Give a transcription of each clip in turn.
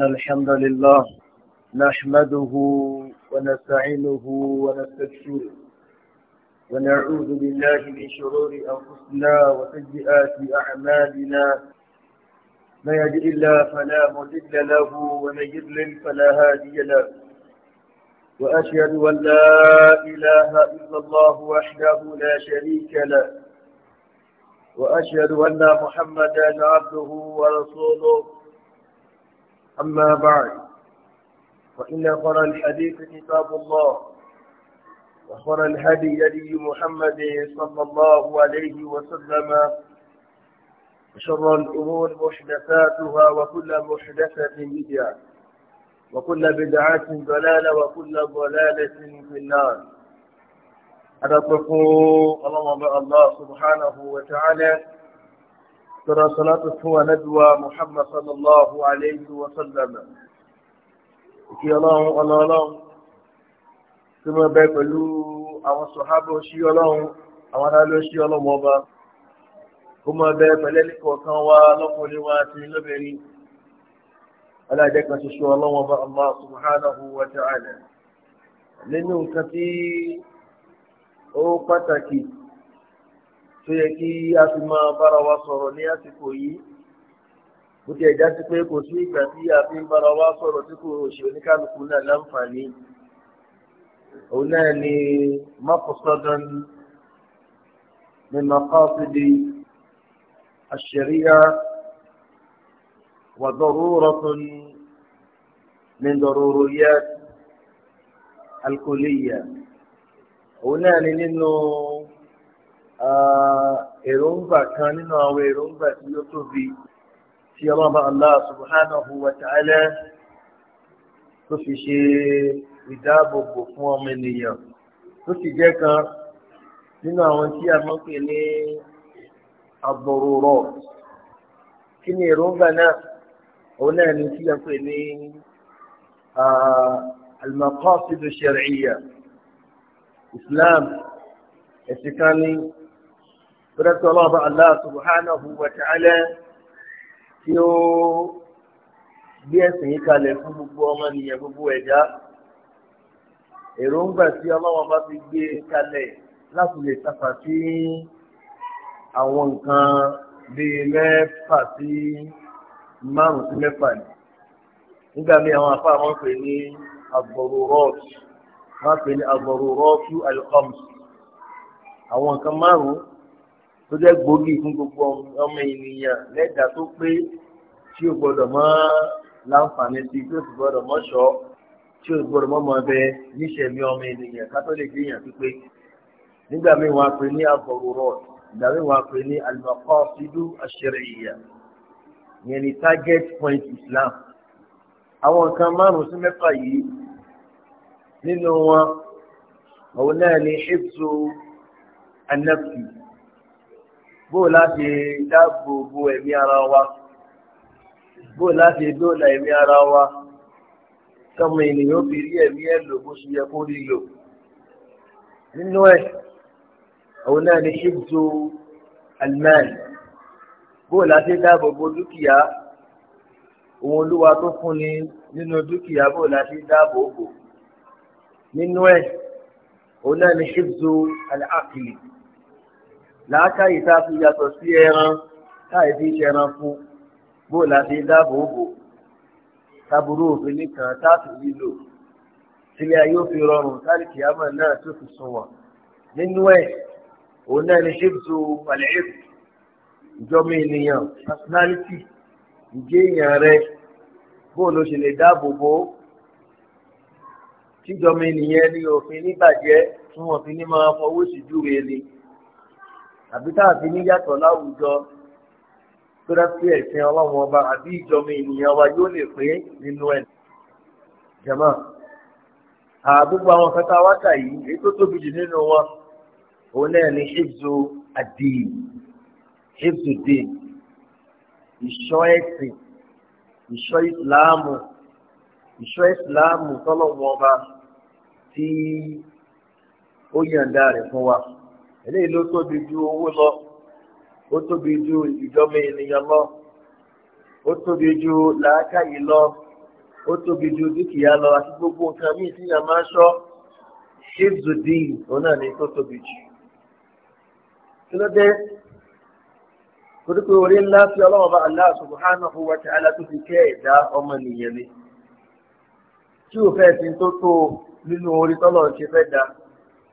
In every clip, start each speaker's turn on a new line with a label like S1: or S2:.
S1: إن الحمد لله نحمده ونستعينه ونستكشره ونعوذ بالله من شرور أنفسنا وسيئات أعمالنا من يهد الله فلا مضل له ومن يضلل فلا هادي له وأشهد أن لا إله إلا الله وحده لا شريك له وأشهد أن محمدا عبده ورسوله أما بعد فإن خر الحديث كتاب الله وخر الهدي يدي محمد صلى الله عليه وسلم وشر الأمور محدثاتها وكل محدثة بدعة وكل بدعة ضلالة وكل ضلالة في النار أنا الله سبحانه وتعالى ترى صلاة هو ندوى محمد صلى الله عليه وسلم kí ọlọ́run ọ̀nà ọlọ́run tí mo bẹ pẹ̀lú àwọn sọ̀hábọ̀ sí ọlọ́run àwọn adájọ́ sí ọlọ́run ọba ó mọ bẹ pẹ̀lẹ́ ní kọ̀ọ̀kan wa lọ́kùnrin wa àti lóbìnrin alájẹ́ kan ṣoṣo ọlọ́run ọba ọmọ subhanahu wa ta'ala nínú nǹkan tí ó pàtàkì tó yẹ kí a fi máa bára wa sọ̀rọ̀ ní àsìkò yìí bó ti ẹ̀já sí pé kò sí ìgbà tí a fi ń bára wa sọ̀rọ̀ tí kò ṣe oníkálukú náà láǹfààní òun náà ni mọ́kùsọ́dán من مقاصد الشريعة وضرورة من ضروريات الكلية هنا لأنه Ah, èròǹgbà kan nínú àwọn èròǹgbà tí ó tóbi tí ọlọ́ba allah subhanahu wa ta'ala tó fi ṣe ìdáàbòbò fún ọmọ ènìyàn tó sì jẹ́ kan nínú àwọn tí a mọ̀ pé ní àbọ̀rọ̀rọ̀ kí ni èròǹgbà náà òun náà ni tí a pè ní ah, al-maqasid ash-shar'iyya islam ẹ̀sìn kan ní pẹ̀lú ọlọ́ọ̀bá Allah subhanahu wa ta'ala tí ó gbé ẹ̀sìn yìí kalẹ̀ fún gbogbo ọmọnìyàn gbogbo ẹ̀dá èròǹgbà tí ọlọ́wọ́ bá fi gbé e kalẹ̀ láti lè tàpá sí àwọn nǹkan bíi mẹ́fà sí márùn sí mẹ́fà ni nígbà míì àwọn afá wọn pè ní agbọ̀rọ̀rọ̀ọ̀tù wọn pè ní agbọ̀rọ̀rọ̀ọ̀tù alikọ́mù àwọn nǹkan márùn-ún tó jẹ́ gbòógì fún gbogbo ọmọ ènìyàn lẹ́dàá tó pé tí o gbọ́dọ̀ mọ́ láǹfààní sí tí o sì gbọ́dọ̀ mọ́ sọ tí o gbọ́dọ̀ mọ́ mọ́ bẹ níṣẹ̀mí ọmọ ènìyàn kátólíkì èèyàn pípé nígbà míì wọn á pè ní àbọ̀rọ̀rọ̀ ìgbà míì wọn á pè ní al-maqasidu ash-shar'iyya yẹn ni target point Islam àwọn nǹkan márùn-ún sí mẹ́fà yìí nínú wọn òun náà ni hibzu an bó láti dáàbò bo ẹ̀mí ara wa bó láti dóòlà ẹ̀mí ara wa tọmọ ènìyàn fi rí ẹ̀mí ẹ̀ lò bó ṣe yẹ kó rí lò nínú ẹ̀ òun náà ni ṣíbùtò alimẹ́ẹ̀ bó láti dáàbò bo dúkìá òun olúwa tó fúnni nínú dúkìá bó láti dáàbò bò nínú ẹ̀ òun náà ni ṣíbùtò alákìlì làákàyè tá a fi yàtọ̀ sí ẹran táyì fi ṣẹran fún bó láti dáàbò bò taburú òfin nìkan táàfin lílò sílé ayé ó fi rọrùn táàlìkì àmọ́ náà tó fi sunwọ̀n nínú ẹ̀ òun náà ni ṣébùtò àlẹ́yìn ìjọba ènìyàn personality ìjẹ́ èèyàn rẹ bóun ló ṣe lè dáàbò bò tíjọba ènìyàn ní òfin níbàjẹ́ tí wọ́n ní máa fọwọ́ sí júwe ni àbí tá a fi ní yàtọ̀ láwùjọ tó dá sí ẹ̀sìn ọlọ́run ọba àbí ìjọba ènìyàn wa yóò lè pé nínú ẹ̀ jẹ̀mọ́ àgbogbo àwọn kẹta wákà yìí èyí tó tóbi jù nínú wọn òun náà ni ṣèbùsù àdìyí ṣèbùsù dìyí ìṣọ́ ẹ̀sìn ìṣọ́ ìsìláàmù ìṣọ́ ìsìláàmù tọ́lọ́wọ́ ọba tí ó yàǹda rẹ̀ fún wa eléyìí ló tóbi ju owó lọ ó tóbi ju ìjọba ènìyàn lọ ó tóbi ju làákàyè lọ ó tóbi ju dúkìá lọ àti gbogbo nǹkan míì tí yàrá máa ń ṣọ́ ṣéèzùdì òun náà ni tó tóbi jù kí ló dé torí orí ńlá sí ọlọ́run bá Allah subhanahu wa ta'ala tó fi kẹ́ ẹ̀dá ọmọnìyàn ni tí ò fẹ́ sí tó tó nínú orí tọ́lọ̀ ṣe fẹ́ da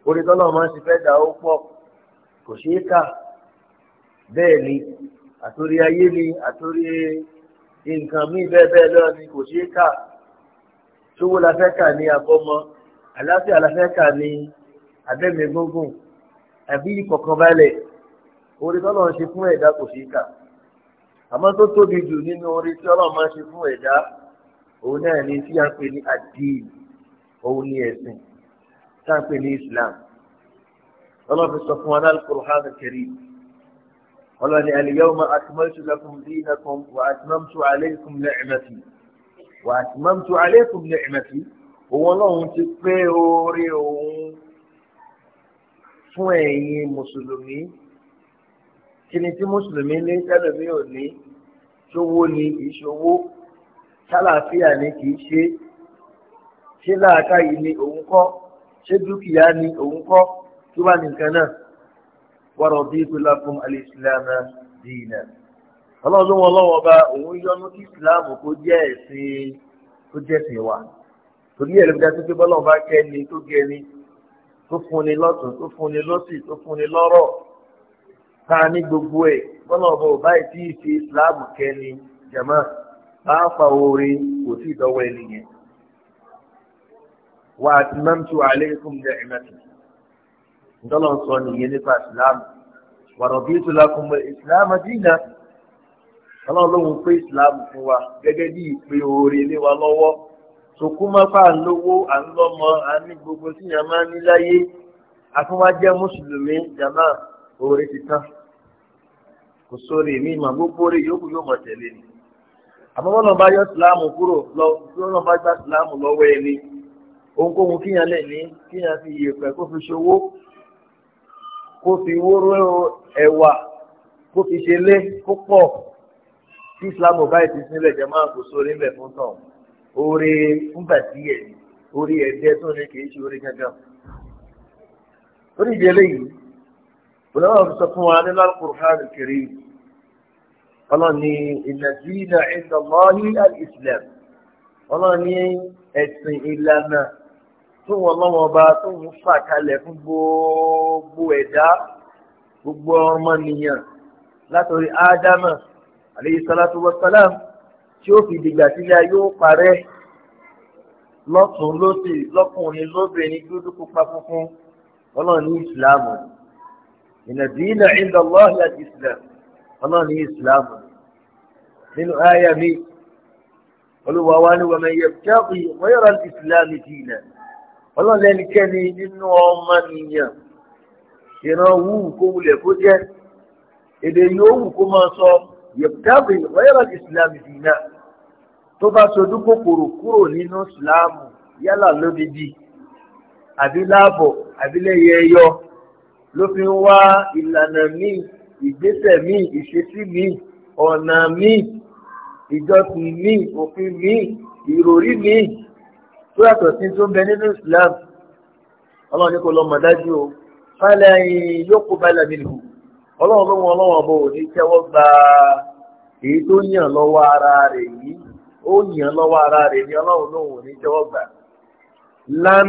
S1: orí tọ́lọ̀ máa ń ṣe fẹ́ da ó pọ̀ kò ṣeé kà bẹ́ẹ̀ ni àtòrí ayé ni àtòrí nǹkan míì bẹ́ẹ̀ bẹ́ẹ̀ lọ́wọ́ ni kò ṣeé kà ṣówó la fẹ́ kà ní abọ́mọ àlàáfíà la fẹ́ kà ní abẹ́mi gúngùn àbí ìkọ̀kànbalẹ̀ orí tọ́lọ̀ ń ṣe fún ẹ̀dá kò ṣeé kà àmọ́ tó tóbi jù nínú orí tí máa ń ṣe fún ẹ̀dá òun náà ni tí a ń pè ní àdìí òun ni ẹ̀sìn tá à pè ní Islam ọlọ́run sọ fún wa náà al-Qur'an al-Karim ọlọ́run ni al-yawma akmaltu lakum dinakum wa atmamtu alaykum ni'mati wa atmamtu alaykum ni'mati òun ọlọ́run ti pé oore òun fún ẹ̀yin mùsùlùmí kí ni tí mùsùlùmí ní tẹ́lẹ̀mí ò ní ṣòwò ni ìṣòwò ṣàlàáfíà ni kì í ṣe ṣé láàká yìí ni òun kọ́ ṣé dúkìá ni òun kọ́ kí wàá nìkan náà wàrọ̀ bí ìpínlẹ̀ fún alìsílámà dìínà ọlọ́run ló wọn lọ́wọ́ bá òun yọ́nú kí ìsìláàmù kó jẹ́ ẹ̀sìn kó jẹ́ ẹ̀sìn wa torí ẹ̀rọ bí dájú pé bọ́lọ̀ bá kẹ́ni tó gẹni tó fúnni lọ́tún tó fúnni lọ́sì tó fúnni lọ́rọ̀ ta ní gbogbo ẹ̀ bọ́lọ̀ bá ò báyìí tí ìfi ìsìláàmù kẹ́ni jẹ̀mọ́ pàápà oore kò sí ìdọ́wọ́ ẹni yẹn wà á ti máa ń tu àlékún jẹ́ ìmẹ́tì ntọ́lọ̀ sọ nìyẹn nípa ìsìlámù wàrọ̀ bí ètò lákùnmọ́ ìsìlámù dínà ọlọ́run lóhun pé ìsìlámù fún wa gẹ́gẹ́ bí ìpè oore lé wa lọ́wọ́ sokúmọ́fà ń lówó à ń lọ́mọ à ń ní gbogbo tíyàn máa ń ní láyé àfúnwájẹ́ mùsùlùmí jàmá oore ti tán kò sóore mi mà gbogbo oore yòókù yóò mọ̀ tẹ̀lé ni àmọ́ bá yọ ìsìlámù kúrò lọ wọn bá gba ìsìlámù lọ́wọ́ ẹni ohunkóhun kíyàn ní kíyàn fi kó fi ṣòwò kó fi wóró ẹ̀wà kó fi ṣe lé kó pọ̀ tí islam báyìí ti sílẹ̀ jẹ́ máa kó sórí ńlẹ̀ fún tàn oore fúngbà díẹ̀ orí ẹ̀dẹ́ tó ní kì í ṣe orí gángan. oríṣi eléyìí olóòwò sọ fún wa nínú alukur'an kiri ọlọ́ni ìnàdínà ìdánmọ́lì alìsílẹ̀m ọlọ́ni ẹ̀sìn ìlànà tó wọn lọ́wọ́ ọba tó ń fà kalẹ̀ fún gbogbo ẹ̀dá gbogbo ọmọnìyàn látọ̀rí ádámà àleyhi salatu wa salam tí ó fi dìgbà sílẹ̀ yóò parẹ́ lọ́tún lósì lọ́kùnrin lóbìnrin dúdú pupa funfun ọlọ́run ní ìsìláàmù ìnàdínà ìdánlọ́ọ̀hìn àti ìsìláàmù ọlọ́run ní ìsìláàmù nínú àyà mi olùwàwá ni wọ́n mẹ́yẹ jáde wọ́n yọ̀rọ̀ ìsìláàmù dìínà ọlọ́run lẹ́nikẹ́ni nínú ọmọnìyàn ìran wù kó wulẹ̀ kó jẹ́ èdè yóò wù kó máa sọ yẹ̀pútàbí wáyàrá ìsìlámù dìínà tó bá sojú kòkòrò kúrò nínú ìsìlámù yálà lódìdí àbí láàbọ̀ àbí lẹ́yẹ ẹyọ ló fi ń wá ìlànà míì ìgbésẹ̀ míì ìṣesí míì ọ̀nà míì ìjọsìn míì òfin míì ìròrí míì. tó yàtọ̀ sí tó ń bẹ nínú Islam ọlọ́run ní kò lọ́ọ́ mọ̀ dájú o fálẹ̀ yóò kó bá lẹ́mìí nù ọlọ́run ló wọn ọlọ́run ọba tẹ́wọ́ gba èyí tó yàn lọ́wọ́ ara rẹ̀ yìí ó yàn lọ́wọ́ ara rẹ̀ ní ọlọ́run tẹ́wọ́ lan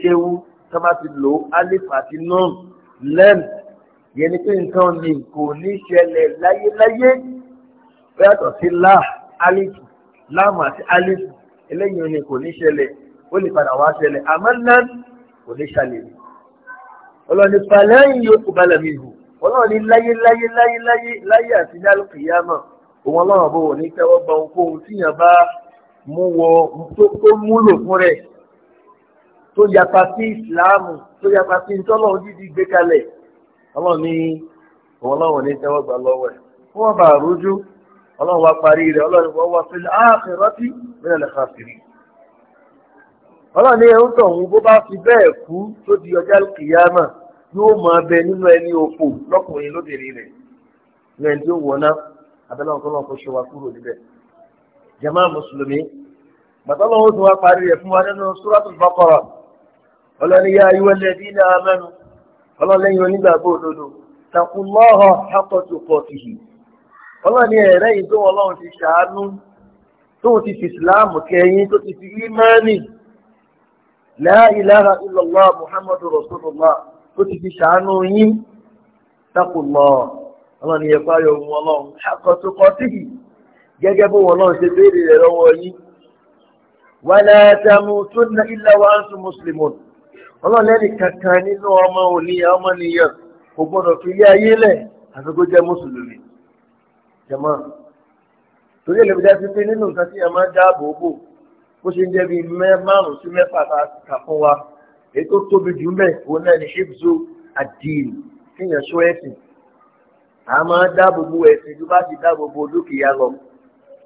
S1: kéwú tó bá ti lò alif àti lẹ́m yẹn ni pé eléyìí ni kò ní ṣẹlẹ̀ ó lè padà wá ṣẹlẹ̀ àmọ́ náà kò ní ṣàlẹ̀ ọlọ́ni fàlẹ́yìn yóò kó balẹ̀ mi hù ọlọ́ni láyé láyé láyé láyé láyé àti ní alùpùpù òun ọlọ́run bó wò ní tẹ́wọ́ gba ohunkóhun tíyàn bá mú wọ tó múlò fún rẹ̀ tó yapa sí ìsìláàmù tó yapa sí ìtọ́lọ́run dídí gbé kalẹ̀ ọlọ́run òun ọlọ́run ní tẹ́wọ́ gba lọ́wọ́ ẹ̀ fún ọba ọlọ́run wa parí rẹ̀ ọlọ́run wọ́n wá fílẹ̀ áàfin rántí mílẹ̀ lẹ́ka fìrí ọlọ́run ní ẹ̀rú tọ̀hún bó bá fi bẹ́ẹ̀ kú tó di ọjà kìyàmà yóò máa bẹ nínú ẹni òfò lọ́kùnrin lóbìnrin rẹ̀ lẹ́yìn tí ó wọná abẹ́lẹ́wọ̀n kọ́lọ́n kó ṣe wa kúrò níbẹ̀ jama mùsùlùmí bàtọ́lọ́wọ́ tó wá parí rẹ̀ fún wa nínú suratul baqara ọlọ́ni ní ọlọ́ni ẹ̀rẹ́ yìí tó ọlọ́run ti ṣàánú tó ti fi ìsìláàmù kẹyìn tó ti fi ímánì la ilaha illallah muhammadu rasulullah tó ti fi ṣàánú yín taqullah ọlọ́ni ẹ̀kọ́ ayọ̀ ohun ọlọ́run àkọsókọ́ síbi gẹ́gẹ́ bó wọn náà ṣe béèrè rẹ̀ lọ́wọ́ yín wala tamutunna illa wa antum muslimun ọlọ́ni ẹnì kankan nínú ọmọ òníyàn ọmọnìyàn kò gbọ́dọ̀ fi ilé ayé lẹ̀ àfikún jẹ́ mùsùlùmí jẹ̀mọ́ torí èlò ìdájú pé nínú nǹkan tí ẹ máa dáàbò bò bó ṣe ń jẹ́ bíi márùn sí mẹ́fà tá a kà fún wa èyí tó tóbi jù mẹ́ òun náà ni ṣébùzó àdìrì fìyàn sọ ẹ̀sìn a máa dáàbò bò ẹ̀sìn ju bá ti dáàbò bò dúkìá lọ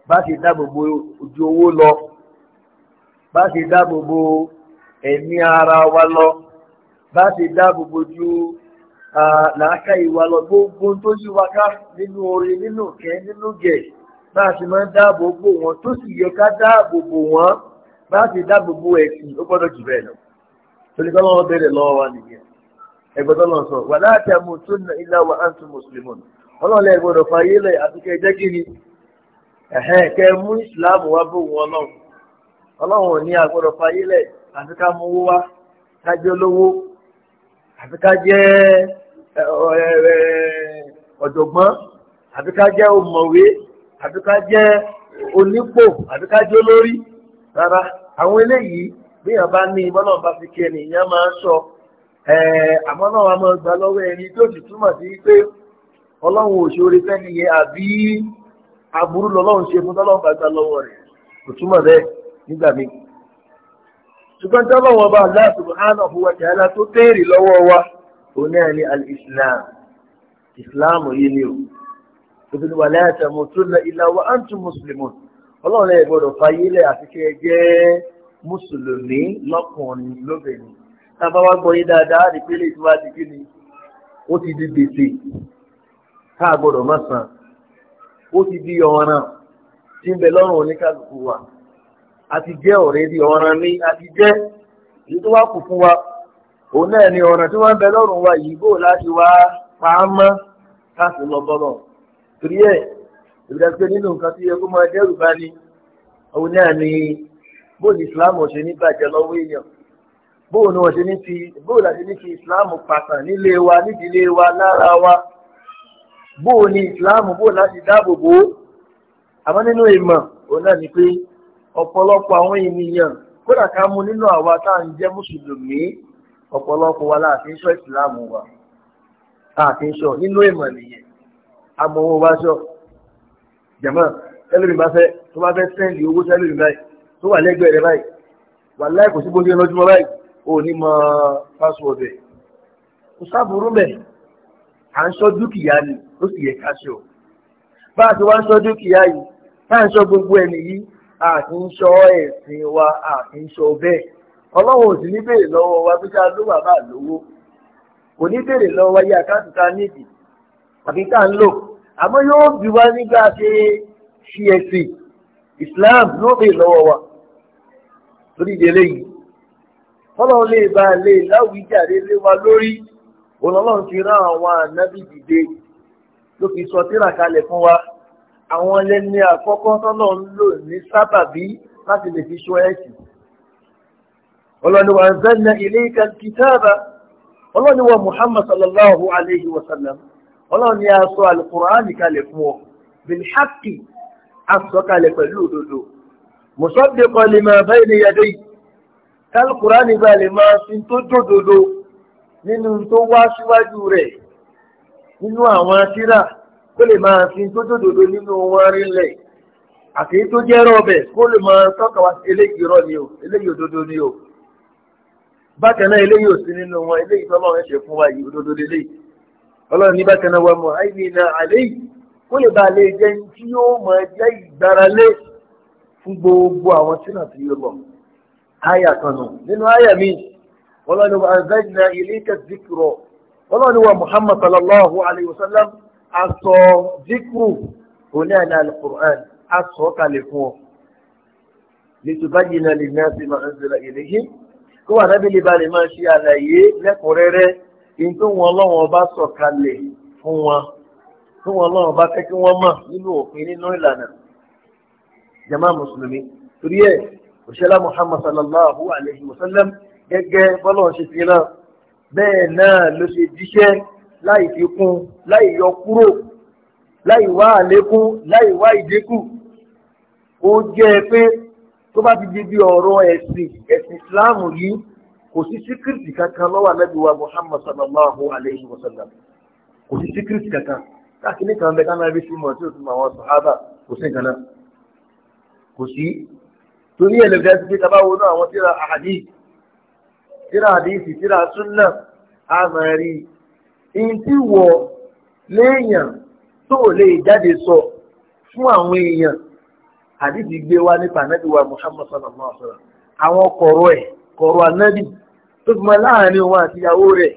S1: bá ti dáàbò bò ojú owó lọ bá ti dáàbò bò ẹ̀mí ara wa lọ bá ti dáàbò bò ju làákà ìwà lọ gbogbo tó yí ká nínú orin nínú kẹ́ nínú gẹ̀ ma a ti máa ń dáàbò bò wọn tó sì yẹ ká dáàbò bò wọn bá a ti dáàbò bò ẹ̀sìn ó jù bẹ́ẹ̀ lọ torí kọ́ lọ́wọ́ bẹ̀rẹ̀ lọ́wọ́ wa nìyẹn tó sọ wà láti àmú tó na ni mú ìsìláàmù àgbọ̀dọ̀ Eh, eh, ọ̀jọ̀gbọ́n àbí jẹ́ òmọ̀wé àbí ká jẹ́ onípò àbí ká jẹ́ olórí rárá àwọn eléyìí bí bá ní ìmọ̀ bá fi kí ìyá máa sọ eh, àmọ́ náà wàá máa gbà lọ́wọ́ ẹni tó sì túmọ̀ sí pé ọlọ́run ò àbí aburú lọ́lọ́run ṣe fún lọ́wọ́ rẹ̀ kò túmọ̀ bẹ́ẹ̀ nígbà mi. ṣùgbọ́n bá hánà fún wa òun náà ni islam yi ni o tóbi ní wàlẹ́ na illa wa antum muslimun ọlọ́run ẹ̀ gbọ́dọ̀ fàyè àti kí ẹ mùsùlùmí lóbìnrin tá a bá wá gbọ́ yé dáadáa rí pé léyìí wá di kí ni ó ti di gbèsè tá a masan. má ti di ọ̀ràn tí ń bẹ lọ́rùn oníkàlùkù wa àti jẹ́ di ọ̀ràn ni àti ti je tó wá kù òun náà ni ọ̀ràn tí wọ́n ń bẹ lọ́rùn wa yìí bò láti wá pa á mọ́ káàsì lọ bọ́lọ̀ torí ẹ̀ ìbílẹ̀ pé nínú nǹkan tó yẹ kó máa dẹ́rù bá ni islam ṣe ní bàjẹ́ lọ́wọ́ èèyàn ni ní ní islam pàtàn nílé wa nídìílé wa lára wa islam láti dáàbò bò ó àmọ́ nínú ìmọ̀ ni pé ọ̀pọ̀lọpọ̀ àwọn ènìyàn kódà ká mú nínú àwa ń jẹ́ mùsùlùmí ọ̀pọ̀lọpọ̀ wa láti ń sọ ìsìláàmù wa láti ń sọ nínú ìmọ̀ nìyẹn amọ̀wọ́ wa sọ jẹ̀mọ́ ẹlẹ́rìí bá fẹ́ tó bá fẹ́ sẹ́ndì owó sẹ́lẹ̀rì báyìí tó wà lẹ́gbẹ̀ẹ́ rẹ báyìí wà láì kò sí bó ṣe lọ́júmọ́ báyìí ò ní mọ password ẹ̀ kò sábúrú mẹ́ à ń sọ dúkìá ni ó sì yẹ ká sọ bá a ti wá ń sọ dúkìá yìí tá à ń sọ gbogbo ẹni yìí àti ń sọ ẹ̀sìn wa àti ń sọ bẹ́ẹ̀ ọlọ́run ò sì ní béèrè lọ́wọ́ wa tó ṣáà ló wà bá lówó kò ní béèrè lọ́wọ́ wa yí àkáǹtì ká níbi àbí ká ń lò àmọ́ yóò bí wa nígbà ṣe ṣí ẹ̀sìn Islam yóò béèrè lọ́wọ́ wa lórí ìdílé yìí fọlọ́run lè ba lè láwùjáde lé wa lórí ọlọ́run ti rán àwọn ànábì dìde ló fi sọ tírà kalẹ̀ fún wa àwọn ẹlẹ́ni àkọ́kọ́ tọ́lọ́ ń lò ní sábàbí láti lè fi ṣọ́ ẹ̀sìn ọlọ́ni wa anzalna ilayka al-kitaba ọlọ́ni wa muhammad sallallahu alayhi wa sallam ọlọ́ni a sọ alukur'ani kalẹ̀ fún ọ bil haqqi a sọ kalẹ̀ pẹ̀lú òdodo musaddiqan lima bayna yadayhi kálukùránì bá lè máa fi tó dòdòdó nínú tó wá síwájú rẹ̀ nínú àwọn tírà kó lè máa fi tó dòdòdó nínú wọn rinlẹ̀ àti tó jẹ́ rọ́ọ̀bẹ̀ kó lè máa tọ́ka wá eléyìí rọ́ ni o eléyìí òdodo ni o bákan náà eléyìí ò sí nínú wọn eléyìí tó ọlọ́run ṣe fún wa yìí òdodo lélẹ̀ ọlọ́run ní bákan náà wà mọ́ àìní náà àléyìí kó lè bá lè jẹ́ tí yóò mọ̀ jẹ́ ìgbáralé fún gbogbo àwọn tí náà ti yọ lọ àyà kan nù nínú àyà mi ọlọ́run wa anzalna ilayka dhikra ọlọ́run wa muhammad sallallahu alayhi wa sallam asọ dhikru òní àná alukur'an asọ kalẹ̀ fún ọ lè tó bá yìí kó wà nábìlì bá lè máa ṣe àlàyé lẹ́kùnrẹ́rẹ́ in tó wọn ọlọ́run ọba sọ̀kalẹ̀ fún wọn tó wọn ọlọ́run ọba fẹ́ kí wọ́n mọ̀ nínú òfin nínú ìlànà jama mùsùlùmí torí ẹ̀ òṣèlá muhammad sallallahu alayhi wa sallam gẹ́gẹ́ bọ́lọ̀ ṣe fi náà bẹ́ẹ̀ náà ló ṣe jíṣẹ́ láì fi kún láì yọ kúrò láì wá àlékún láì wá ìdínkù ó jẹ́ pé tó bá ti di bí ọ̀rọ̀ ẹ̀sìn ẹ̀sìn ìsìláàmù yìí kò sí síkírìtì kankan lọ́wọ́ anábì wa muhammad sallallahu alayhi wa sallam kò sí síkírìtì kankan káàkiri kan bẹ káná rí símọ̀ tí o tún àwọn sàhábà kò sí nǹkan náà kò sí torí ẹ̀ lẹ́gbẹ̀ẹ́ ti fi kaba wo náà àwọn tíra àhàdí tíra àdíìsì tíra súnà àmàrí ìyìn wọ léèyàn tó lè jáde sọ fún àwọn èèyàn àdìsí gbé wá nípa ànábì wa muhammad sallallahu alaihi wa sallam àwọn kọ̀rọ̀ ẹ̀ kọ̀rọ̀ ànábì tó fi mọ láàrin òun àti ìyàwó rẹ̀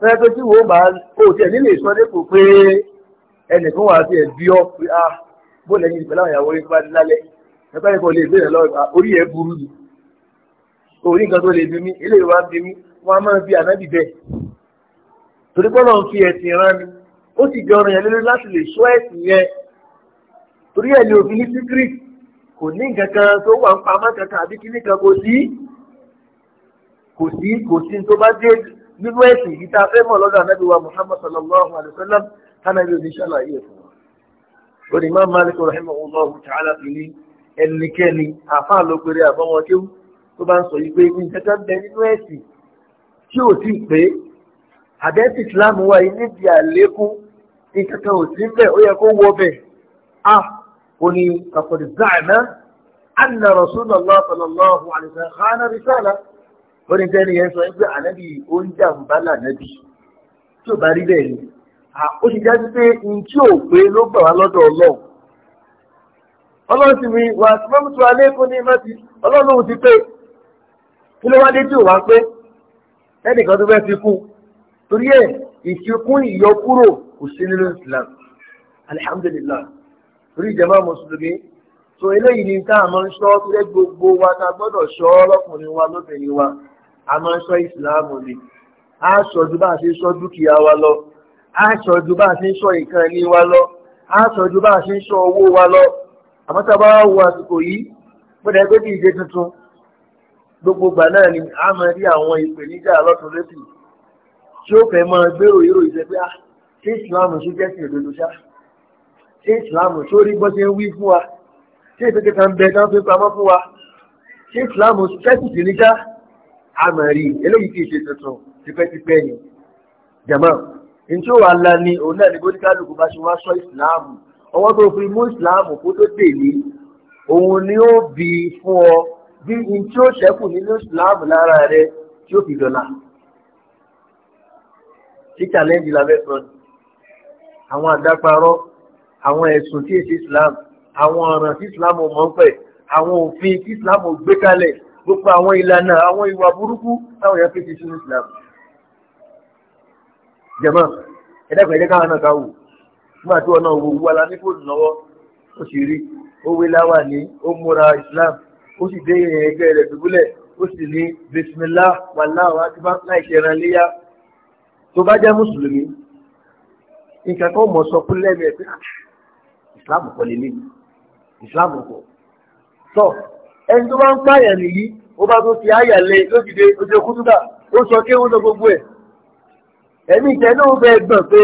S1: fẹ́ẹ́ tó tí wọ́n bá kó tiẹ̀ nílé ìsọdẹ́kù pé ẹnìkan wà á ti ẹ̀ bí ọ́ pé ah bó lẹ́yìn ìpẹ́ láwọn ìyàwó rẹ̀ bá lálẹ́ ẹgbẹ́ ìkọ̀ lè gbé ìrànlọ́ ah, orí ẹ̀ burú ni orí nǹkan tó lè bí mi ilé ìwà bí mi wọ́n á máa fi ànábì bẹ́ẹ̀ torí bọ́lọ̀ ń fi ẹ̀sìn rán mi ó sì jọ ọ̀ràn yẹn lórí láti lè sọ ẹ̀sìn yẹn torí ẹ̀ ní òfin ní síkírìtì kò ní nǹkan kan tó wà ń pamọ́ kankan àbí kíní kan kò sí kò sí kò sí tó bá dé nínú ẹ̀sìn yìí tá a fẹ́ mọ̀ lọ́dọ̀ anábì wa muhammad sallallahu alayhi wa sallam tánàbí oníṣàlá yìí fún wa. orí imam malik rahimahullahu ta'ala fi ní ẹnikẹ́ni àfáà ló péré àbọ̀wọ́n kéwù tó bá ń sọ yìí pé nǹkan kan bẹ nínú ẹ̀sìn tí ò tí pé àdẹ́sì islam wà yìí nídìí àlékún nǹkan kan ò sí ń ó yẹ kó wọ bẹ̀ ah, قولي فقد زعم أن رسول الله صلى الله عليه وسلم خان رسالة قولي تاني يسوع يقول أنا بي أنت مبلا نبي شو باري بي ó ti jáde pé n tí ò pé ló gbà wá lọ́dọ̀ ọlọ́run ọlọ́run ti mi wà sí mọ́mútu alẹ́ kó ní mọ́tì ọlọ́run lòun ti pé kí ló wá dé tí ò wá pé ẹnìkan tó fẹ́ fi kú torí ẹ̀ ìfikún ìyọkúrò kò sí nínú Islam alihamudulilayi rí ìjẹmọ́ mùsùlùmí tó eléyìí ni tá a máa ń ṣọ́ tó lé gbogbo wa tá a gbọ́dọ̀ ṣọ́ ọlọ́kùnrin wa lóbìnrin wa a máa ń ṣọ́ ìsìláàmù ni a sọ ju bá a ṣe ń ṣọ́ dúkìá wa lọ a sọ ju bá a ṣe ń ṣọ́ nǹkan ẹni wa lọ a sọ ju bá a ṣe ń owó wa lọ àmọ́ tá a bá wo àsìkò yìí gbọ́dọ̀ ẹgbẹ́ bí ìdè tuntun gbogbo gbà náà ni a máa rí àwọn ìpèníjà lọ́tún lẹ́sìn tí ó fẹ́ máa gbèrò yóò ìṣẹ́ pé ah ṣé ìsìláàmù ṣe jẹ́sìn òdodo ṣáà ṣé ìsìláàmù tó rí bọ́ ṣe ń wí fún wa ṣé ìfẹ́kẹ́ kan bẹ tán fi pamọ́ fún wa ṣé ìsìláàmù fẹ́sìtì níjà àmàrí eléyìí kì í ṣe tuntun tipẹ́tipẹ́ ni jẹ̀mọ́ njó wa la ni òun náà ni bóníkálukú bá ṣe wá sọ ìsìláàmù ọwọ́ tó fi mú ìsìláàmù kó tó tèlé òun ni ó bí fún ọ bí n tí ó ṣẹ́kù nínú ìsìláàmù lára rẹ tí ó fi dọ̀là tí challenge la fẹ́ sọ àwọn àdáparọ́ àwọn ẹ̀sùn tí èsì islam àwọn ọ̀ràn tí islam mọ̀ ń pẹ̀ àwọn òfin tí islam gbé kalẹ̀ gbogbo àwọn ìlànà àwọn ìwà burúkú táwọn èèyàn fi ti islam. jẹ̀mọ́ ẹ̀dẹ́gbẹ̀ẹ́ ẹ̀dẹ́ káwọn náà ká wò nígbà tí wọn náà wo owó ala ní fóònù lọ́wọ́ ó sì rí ó láwà ní ó múra islam ó sì dé ẹgbẹ́ rẹ̀ dùbúlẹ̀ ó sì ní bisimilá wàláwà tí bá láì ṣẹran islam kọ́ lélẹ̀ islam kọ́ sọ ẹni tó bá ń pààyàn nìyí ó bá tó fi àyà lẹ lójijì ojú kútúbà ó sọ kí ó lọ gbogbo ẹ̀ ẹ̀mí ìjẹ́ náà bẹ gbọ̀n pé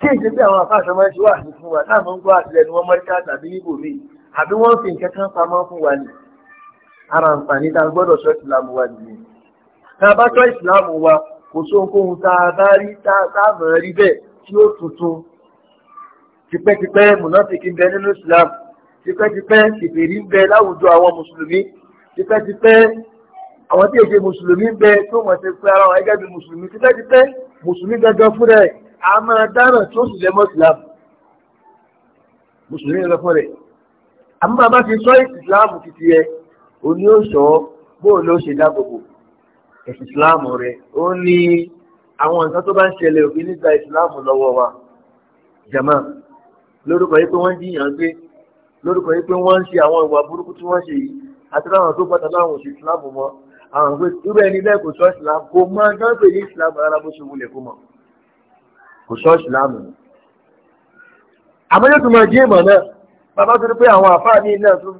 S1: kí èsì bí àwọn afáàṣọ máa ń ṣe wà ní fún wa táà máa ń gbọ́ àtìlẹ́nu wọn mọ́ríkà tàbí yíbò mi àbí wọ́n fi nǹkan kan pamọ́ fún wa ni ara nǹkanì tá a gbọ́dọ̀ sọ ìsìlámù wa nìyẹn tá a bá sọ ìsìlámù wa kò sóhunkóhun tá a bá rí tá a mọ̀ rí bẹ́ẹ̀ tí ó tuntun tipẹ́tipẹ́ mùnáfíkì ń bẹ nínú islam tipẹ́tipẹ́ kèfèrí ń bẹ láwùjọ àwọn mùsùlùmí tipẹ́tipẹ́ àwọn tí èdè mùsùlùmí ń bẹ tó mọ̀ sí pé ara wọn gẹ́gẹ́ bí mùsùlùmí tipẹ́tipẹ́ mùsùlùmí gangan fún rẹ̀ a máa dáràn tí sì lẹ́mọ́ islam mùsùlùmí gangan fún rẹ̀ àmọ́ bàbá fi sọ islam títí ẹ o ní ó sọ bóun ló ṣe dáàbòbò ẹ̀sìn islam rẹ̀ ó ní àwọn nǹkan tó bá ń ṣẹlẹ̀ òfin nígbà islam lọ́wọ́ wa jama lórúkọ yìí pé wọ́n ń jiyàn gbé lórúkọ yìí pé wọ́n ń ṣe àwọn ìwà burúkú tí wọ́n ṣe yìí àti láwọn tó bàtà láwọn òṣì ìsìláàmù mọ́ àwọn pé irú ẹni bẹ́ẹ̀ kò sọ ìsìláàmù kò mọ dáńpé ní ìsìláàmù rárá bó ṣe wulẹ̀ kó mọ̀ kò sọ ìsìláàmù ni. àmọ́ yóò tún máa jí ìmọ̀ náà bàbá tó ní pé àwọn àfáà ní iná tó ń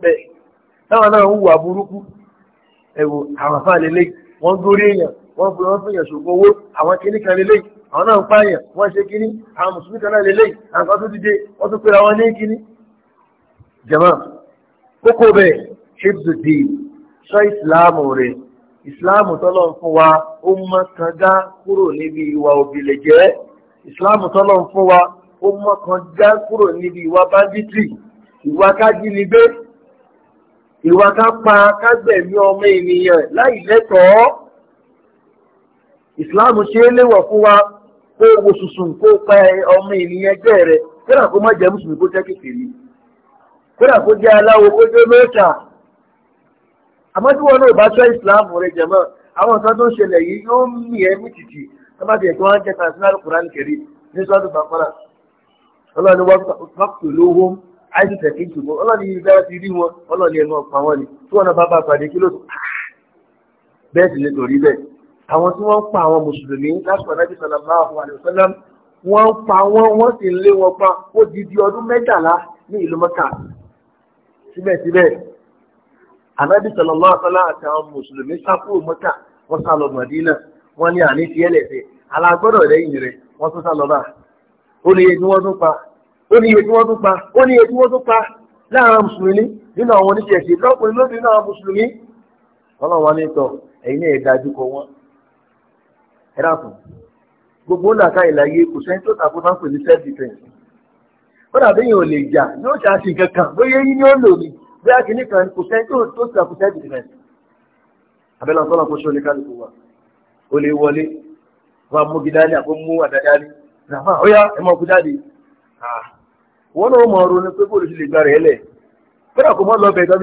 S1: táwọn náà ń hùwà burúkú ẹ̀wò àwọn àfáà lélẹ́yìn wọ́n dórí èèyàn wọ́n fi wọ́n fi àwọn náà ń pààyàn wọ́n ṣe kíní àwọn mùsùlùmí kan náà lè léyìí àwọn kan tó dìde wọ́n tún pera wọn ní kíní. jama kókó bẹ́ẹ̀ ṣébùsù di sọ ìsìláàmù rẹ̀ ìsìláàmù tọ́lọ̀ ń fún wa ó mọ́ kan dá kúrò níbi ìwà òbílẹ̀ jẹ́ ìsìláàmù tọ́lọ̀ ń fún wa ó mọ́ kan dá kúrò níbi ìwà banditry ìwà kájínigbé ìwà ká kágbẹ̀mí ọmọ ènìyàn láì lẹ́tọ̀ọ́ ìsìláàmù ṣe é léwọ̀ fún wa kó wo sùsùn kó pa ọmọ ènìyàn jẹ́ rẹ̀ kódà kó má jẹ́ mùsùlùmí kó jẹ́ kékeré kódà kó jẹ́ aláwo kó jẹ́ mẹ́ta àmọ́ tí wọn náà bá tẹ́ ìsìláàmù rẹ̀ jẹ̀mọ́ àwọn nǹkan tó ń ṣẹlẹ̀ yìí yóò mì ẹ́ mí tìtì tọ́ba tiẹ̀ tó wọ́n jẹ́ transnational Quran kẹ̀rí ní sọ́dún bàkọ́rà ọlọ́ni wọ́n ni àwọn tí wọ́n ń pa àwọn mùsùlùmí lásìkò àdájú sallallahu alaihi wasallam wọ́n ń pa wọ́n wọ́n sì ń lé wọn pa ó di di ọdún mẹ́tàlá ní ìlú Mẹ́kà síbẹ̀síbẹ̀ àdájú sallallahu alaihi wasallam àti àwọn mùsùlùmí sáfù Mẹ́kà wọ́n sá lọ Mádínà wọ́n ní àní tiẹ́ lẹ́sẹ̀ alágbọ́dọ̀ lẹ́yìn rẹ̀ wọ́n tún sá lọ bá ó ní iye tí wọ́n tún pa ó ní iye tí wọ́n tún pa ó ní ẹ̀rá fún gbogbo làkà ìlàyé kò sẹ́ni tó tàkó sáà pè ní self defence ó dàbí yìí ò lè jà yóò ṣe àṣìǹkan kan bóyá ni ó lò ní bóyá kan kò sẹ́ni tó tàkó self defence abẹ́lẹ́ ọ̀tọ́ náà ṣe oníkálukú wa ó lè wọlé wọn mú gidani àbó mú àdàdàní ràfà ó yá ẹ mọ jáde wọn náà mọ ọrùn lè gbà rẹ̀ lẹ̀ kódà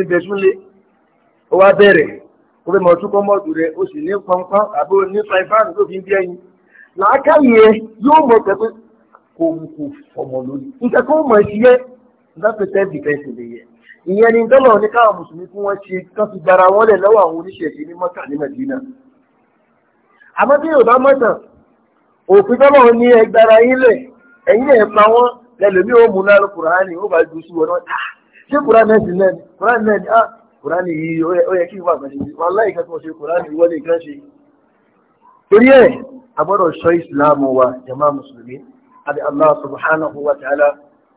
S1: lọ kó fẹ́ mọ tún kọ́ mọ́ọ̀dù rẹ o sì ní pọnpọ́n àbí o ní faifáàrù tó fi ń bí ẹyin làákàyè yóò mọ pẹpẹ kó mú kó fọmọ lórí nǹkan kó mọ sí yẹ lápẹtẹ dìfẹǹsì lè yẹ ìyẹn ni dọ́là ní káwọn mùsùlùmí kí wọ́n ṣe kán fi gbara wọn lẹ̀ lọ́wọ́ àwọn oníṣẹ̀ṣe ní mọ́tà ní mẹ́dínà àmọ́ bí yorùbá mọ́tàn òfin dọ́là ní ẹgbàrá yín lẹ̀ ẹ̀yìn ẹ̀ pa wọ́n lẹ́lòmí ó mú ó bá ju sí wọn náà ah, ṣé kùránì náà kùránì yìí ó yẹ kí wà kan ṣe wà láì kan tó ṣe kùránì wọlé kan ṣe torí ẹ̀ a gbọ́dọ̀ ṣọ́ ìsìláàmù wa jama mùsùlùmí àti allah subhanahu wa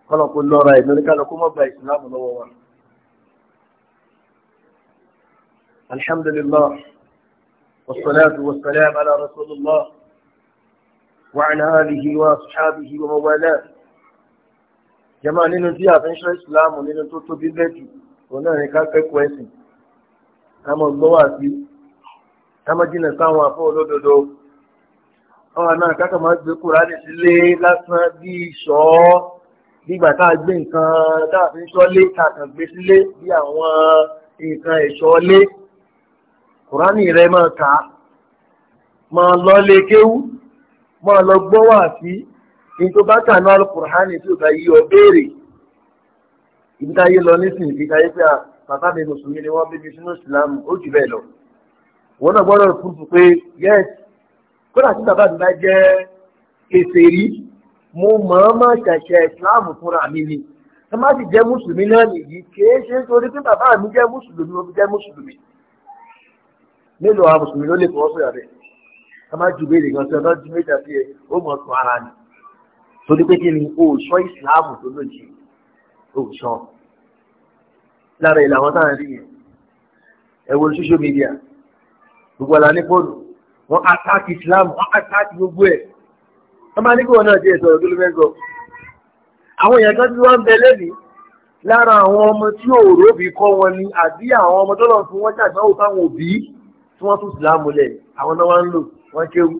S1: kọ́lọ̀kọ́ lọ́ra ẹ̀ mọ́ gba ìsìláàmù lọ́wọ́ wa alhamdulillah والصلاة والسلام على رسول الله وعلى آله وأصحابه ومن والاه جماعة ننتهي عن شر الإسلام وننتهي بالبيت òun náà ní ká kẹ́kọ̀ọ́ ẹ̀sìn ká mọ̀ sí sáwọn olódodo náà kákà máa gbé sílé lásán bí ìṣọ́ a gbé nǹkan dáàbí ṣọ́lé kàkàn gbé sílé bí àwọn nǹkan rẹ máa kà á máa lọ lé lọ sí bá kà náà ọ béèrè ibi táyé lọ nísìnyí ibi táyé pé bàbá mi mùsùlùmí ni wọ́n bí mi sínú ìsìlámù ó jù bẹ́ẹ̀ lọ wọn náà gbọ́dọ̀ fúnfù pé yẹ́s kódà tí bàbá mi bá jẹ́ kèfèrí mo mọ̀ọ́mọ̀ ṣẹ̀ṣẹ̀ ìsìlámù fúnra mi ni tó má sì jẹ́ mùsùlùmí náà nìyí kìí ṣe nítorí pé bàbá mi jẹ́ mùsùlùmí mo fi jẹ́ mùsùlùmí mélòó àwọn mùsùlùmí ló lè fọwọ́ sọ̀yà bẹ́ẹ̀ ká má ju béèrè kan sí ọlọ́dún méjì àti ẹ̀ ó mọ̀ o sọ ìsìlámù tó lójijì òòṣọ lára ìlà àwọn táwọn rí yẹn ẹ wo social media gbogbo àlà ní fóònù wọn attack islam wọn attack gbogbo ẹ wọn máa ní kí wọn náà jẹ ìsọ̀rọ̀ tó ló fẹ́ sọ àwọn èèyàn kan tí wọn ń bẹ lẹ́nìí lára àwọn ọmọ tí òòrò bí kọ́ wọn ni àbí àwọn ọmọ tó lọ fún wọn ṣàdánwò fáwọn òbí tí wọ́n tún ìsìláàmù lẹ̀ àwọn náà wọ́n ń lò wọ́n kéwú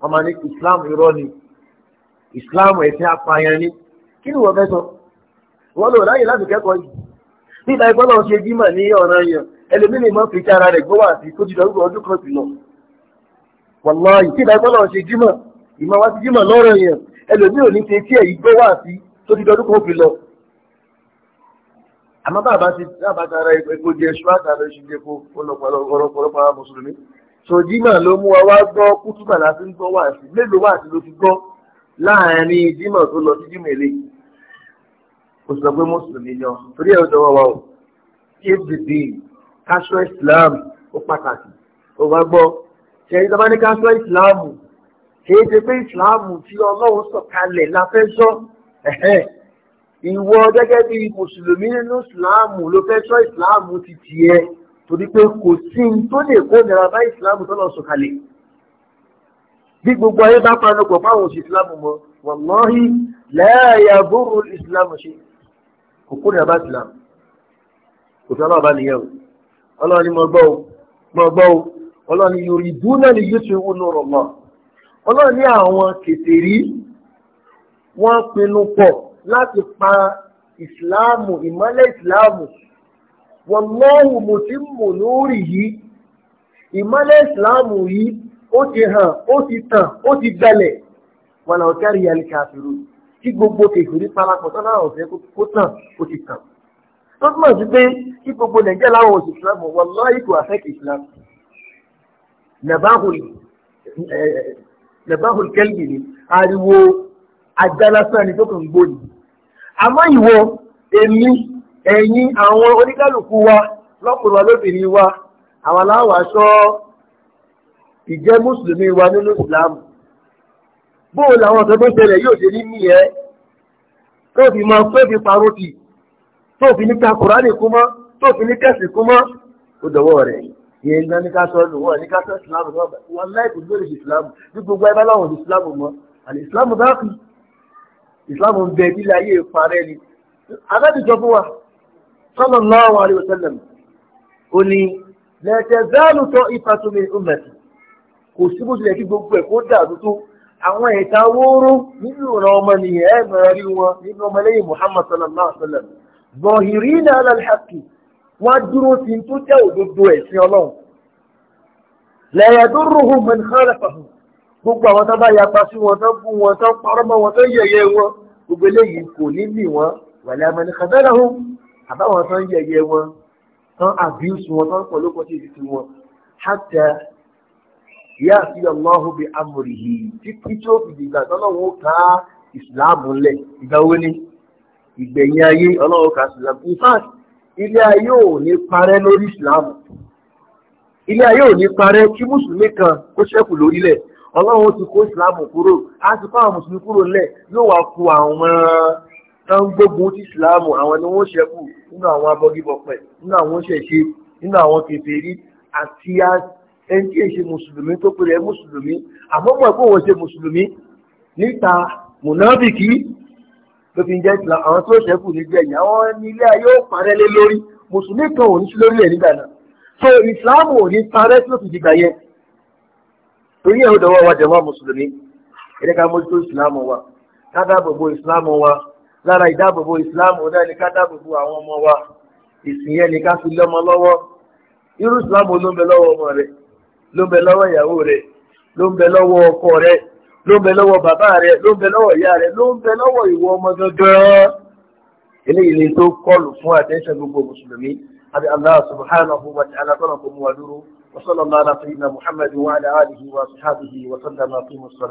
S1: wọ́n máa ní ìsìláàmù irọ́ ni ìsìláàmù ẹ̀sìn apààyàn ni kí ni wọ́n fẹ́ sọ wọ́n lò láyè láti kẹ́kọ̀ọ́ yìí nígbà ẹgbẹ́ ṣe jímọ̀ ní ọ̀rọ̀ yẹn ẹlòmíì mọ́ fi ara rẹ̀ gbọ́ tó ti dọ̀rọ̀ ọdún kan sí lọ. ṣe jímọ̀ ìmọ̀ sí jímọ̀ lọ́rọ̀ yẹn ò ní ṣe gbọ́ tó ti dọ̀rọ̀ kò sọ pé mùsùlùmí ni ọ torí ẹ̀ dọwọ́ wa o kfdb káṣọ islam ó pàtàkì ó wá gbọ́ ṣẹ̀yìn tó bá ní káṣọ islam kìí ṣe pé islam tí ọlọ́run sọ̀kalẹ̀ la fẹ́ sọ ìwọ gẹ́gẹ́ bí mùsùlùmí nínú islam ló fẹ́ sọ islam ti tiẹ̀ torí pé kò sí ní tó lè kó nira bá islam tó lọ sọ̀kalẹ̀ bí gbogbo ayé bá panupọ̀ fáwọn òṣìṣẹ́ islam mọ́ wàlọ́hì lẹ́yà bóró islam ṣe. òkú rẹ̀ bá ti là òfin ọlọ́run nìyẹn o ni mo o ni náà ni yóò ti wú ní ọ̀rọ̀ mọ́ àwọn wọ́n pinnu pọ̀ láti pa ìsìláàmù ìmọ́lẹ̀ ìsìláàmù wọ́n mọ́wù mo ti mò lórí yìí ìmọ́lẹ̀ ìsìláàmù yìí ó ti hàn ó ti tàn ó ti tí gbogbo kèkèrè parapọ̀ tán láwọn ọ̀fẹ́ kó tàn ó ti tàn. tó túmọ̀ sí pé kí gbogbo nàìjíríà láwọn oṣù ìsìlámù wọn lọ́ àfẹ́kì ìsìlámù. nàbáhùn kẹ́lì ni ariwo ajá lásán ni tó kàn ń gbó ni. àmọ́ ìwọ èmi ẹ̀yin àwọn oníkálukú wa lọ́kùnrin wa lóbìnrin wa àwọn aláwọ̀ aṣọ ìjẹ́ mùsùlùmí wa nínú Islam bóò làwọn ọ̀sán tó ń ṣẹlẹ̀ yóò ṣe ní mí ẹ́ tó fi máa fẹ́ fi parótì tó fi ní ká kùránì kú mọ́ tó fi ní kẹ́sì kú mọ́ ó dọ̀wọ́ rẹ̀ yẹn ní ká sọ ọ́nù wọn ní ká sọ ìsìlámù náà wọn láìpù lórí ìsìlámù ní gbogbo ẹgbẹ́ láwọn òdì ìsìlámù mọ́ àlè ìsìlámù bá kù ìsìlámù bẹ nílẹ̀ ayé parẹ́ ni adájọ́ fún wa sọ́nà náà wà ní òtẹ́lẹ̀m ó ní lẹ́tẹ̀ záàlù tọ́ ìfàtúmí ọmọ kò kí gbogbo ẹ̀ kó dàrú tó àwọn ẹ̀ka wóró nínú ìran ọmọnìyàn ẹ̀ mẹ́rẹ̀ rí wọn nínú ọmọlẹ́yìn Muhammad sallallahu alaihi wa sallam zọ̀hìrì ní alàlhàkì wọ́n dúró sí tó jẹ́ òdodo ẹ̀sìn ọlọ́run lẹ́yàdúrúhùn mẹ́rin kálẹ̀fàhùn gbogbo àwọn tó bá yapa sí wọn tó bú wọn tó parọ́ mọ́ wọn tó yẹ̀yẹ́ wọn gbogbo eléyìí kò ní mì wọn wàlẹ́ amẹ́rin kàdáàhùn àbáwọn tó yẹ̀yẹ́ wọn tán àbíùsù wọn tán pọ̀ lóko sí ìdí yá sí ọlọ́hu bí amòrìhì títí tí ó fi dìgbà tọ́lọ́wọ́ ká ìsìláàmù lẹ̀ ìgbà ni ìgbẹ̀yìn ayé ọlọ́wọ́ ká ìsìláàmù in fact ilé ayé ò ní parẹ́ lórí ìsìláàmù ilé ayé ò ní parẹ́ kí mùsùlùmí kan kó ṣẹ́kù lórílẹ̀ ọlọ́run ti kó ìsìláàmù kúrò á ti kó àwọn mùsùlùmí kúrò lẹ̀ yóò wá ku àwọn tán gbógun ti àwọn ni wọ́n ṣẹ́kù nínú àwọn ẹni tí èṣe mùsùlùmí tó pèrè mùsùlùmí àmọ́mọ́ ẹ̀kọ́ wọ́n ṣe mùsùlùmí níta mùnábìkì ló fi ń jẹ́ ìtìlá àwọn tó ṣẹ́kù nígbẹ̀yìn àwọn nílé ayé ó parẹ́ lé lórí mùsùlùmí kan ò ní sí lórí ẹ̀ nígbà náà so ìsìláàmù ò ní parẹ́ tó ti dìgbà yẹn torí ẹ̀ ó dọ̀wọ́ wa dẹ̀wọ́ mùsùlùmí ẹ̀dẹ́ ká mójútó ìsìláàmù wa ká dáàbòbò ìsìláàmù wa lára ìdáàbòbò ìsìláàmù náà ni ká àwọn ọmọ wa ìsìn yẹn ni ká fi lọ́mọ lọ́wọ́ irú ìsìláàmù olóńgbẹ lọ́wọ́ ọmọ rẹ̀ ló ń bẹ lọ́wọ́ ìyàwó rẹ̀ ló ń bẹ lọ́wọ́ ọkọ rẹ̀ ló ń bẹ lọ́wọ́ bàbá rẹ̀ ló ń bẹ lọ́wọ́ ìyá rẹ̀ ló ń bẹ lọ́wọ́ ìwọ ọmọ gangan eléyìí ni tó kọlù fún attention gbogbo mùsùlùmí àbí Allah subhanahu wa ta'ala tọ́nà kó wa dúró wa sallallahu ala sayyidina Muhammad wa ala alihi wa sahbihi wa sallama fi musala.